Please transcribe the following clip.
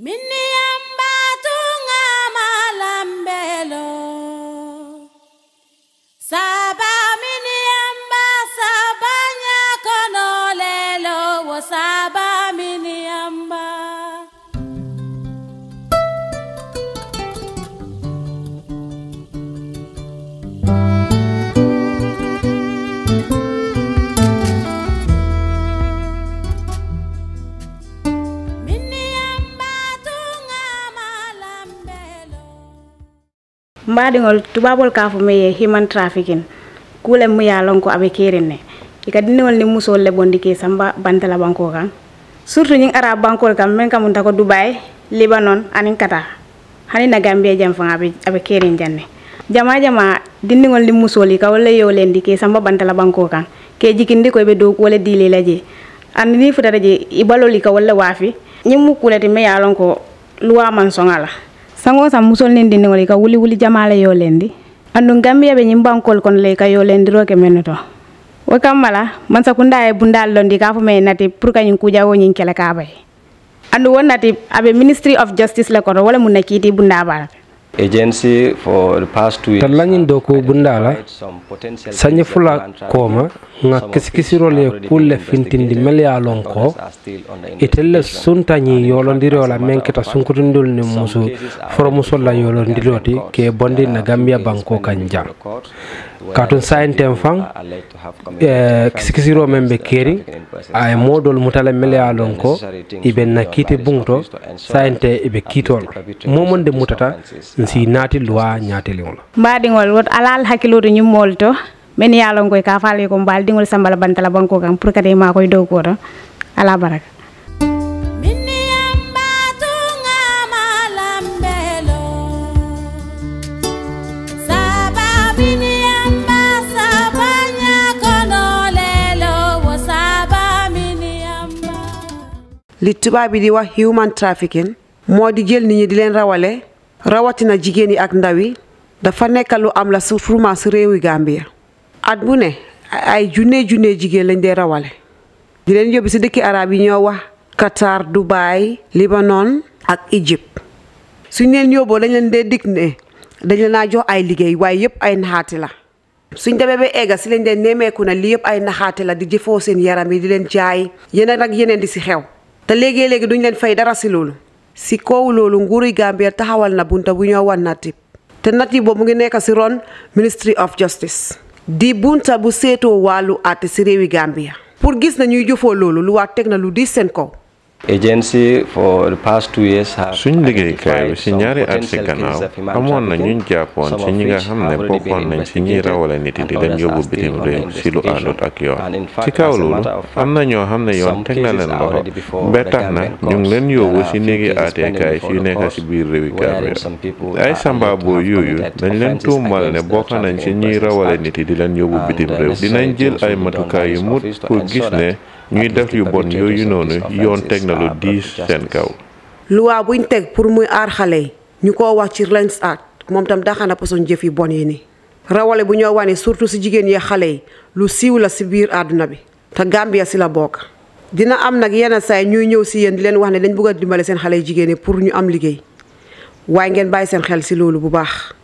Minnie mbaɗigol tubabol kafumeye human trafficking kule mu ya lon ko aɓe kerenne ika dindiŋol ni musol le bondi ke samba bantala banko kan surtout ñiŋ arab bankol kam men kamun ta ko dubai libanon aniŋ kata hani na gambia jam faŋ aɓe aɓe kerin janne jama jama dindiŋol ni musol ika walla yolendi ke samba bantala banko kan ke jikindi ko ɓe dow wala diile la je andi ni futata je i balol ika walla waafi ñiŋ mu kuleti me ye sango sam musol nin dindiŋol i ka wuli wuli jamala yo lendi andun gambiya be ñiŋ bankol kono le i ka yo ke mennu to wo kamma la mansakunda ye bundaal londi ka fo me nati pour ka ñiŋ kujawo ñiŋ kele ka bayi wo nati abe ministry of justice le koto wo le mun na kiiti bunda bala agency for the past two years talangin doku bundala sanye fula koma nga kisikisirole kulle fintindi melyalon ko itelle sunta nyi yolondirola menkita sunkutindul ni musu foro musolla yolondiroti ke bondi na gambia banko katun sainten fan e kisikisiro men ɓe keeri ay moɗol mutala meleyalon ko iɓe nakkite bugto sainte eɓe kiitol momonde mutata si naati loi ñaateliol mbaɗigol woto alal hakkilode ñummol to min yalon koy ka faale ko mbaal ɗigol sambala bantala banko kam pour a ma koye dow koto ala baraka li tubaab yi di wax human trafficking moo di jël nit ñi di leen rawale rawatina jigéen yi ak ndaw yi dafa nekk lu am la surtout si réewi Gambia at bu ne ay junne junne jigéen lañ dee rawale di leen yóbbu si dikki araab yi ñoo wax Qatar Dubai Libanon ak Egypte suñ leen yóbboo dañ leen dee dig ne dañ leen naa jox ay liggéey waaye yëpp ay naxaati la suñ demee ba egga si lañ dee nemeeku na lii yëpp ay naxaate la di jëfoo seen yaram yi di leen jaay yeneen ak yeneen di si xew te léegi-léegi duñ leen fay dara si loolu si kow loolu nguuri Gambia taxawal na bunta bu ñoo wan natib te natib boobu mu ngi nekk si ron Ministry of Justice di bunta bu seetoo wàllu àtte si réewi Gambia pour gis na ñuy jëfoo loolu lu waa teg na lu di seen kaw suñ liggéeykaay bi ci ñaari at ci gannaaw amoon na ñuñ jàppoon ci ñi nga xam ne uh, bokkoon nañ ci ñiy rawale nit yi di leen yóbbu bitim réew ci lu àndut ak yoon ci kaw loolu am na ñoo xam ne yoon teg na leen loxo ba tax na ñu ngi leen yóbbu ci néegi aateekaay ci nekk ci biir réewi Gambia ay sambaaboo yooyu dañ leen tuumal ne bokk nañ ci ñiy rawale nit yi di leen yóbbu bitim réew dinañ jël ay matukaay yu mu pour gis ne ñuy def yu bon yooyu noonu yoon teg na lu diis seen luwaa buñ teg pour muy aar xale yi ñu ko wax ci Lands Act moom tam daxana poson jëf yi bon yi nii rawale bu ñoo wane surtout si jigéen yee xale yi lu siiw la si biir àdduna bi te Gambia si la bokk. dina am nag yenn saay ñuy ñëw si yéen di leen wax ne dañ bëgg a dimbale seen xale yi jigéen yi pour ñu am liggéey waaye ngeen bàyyi seen xel si loolu bu baax.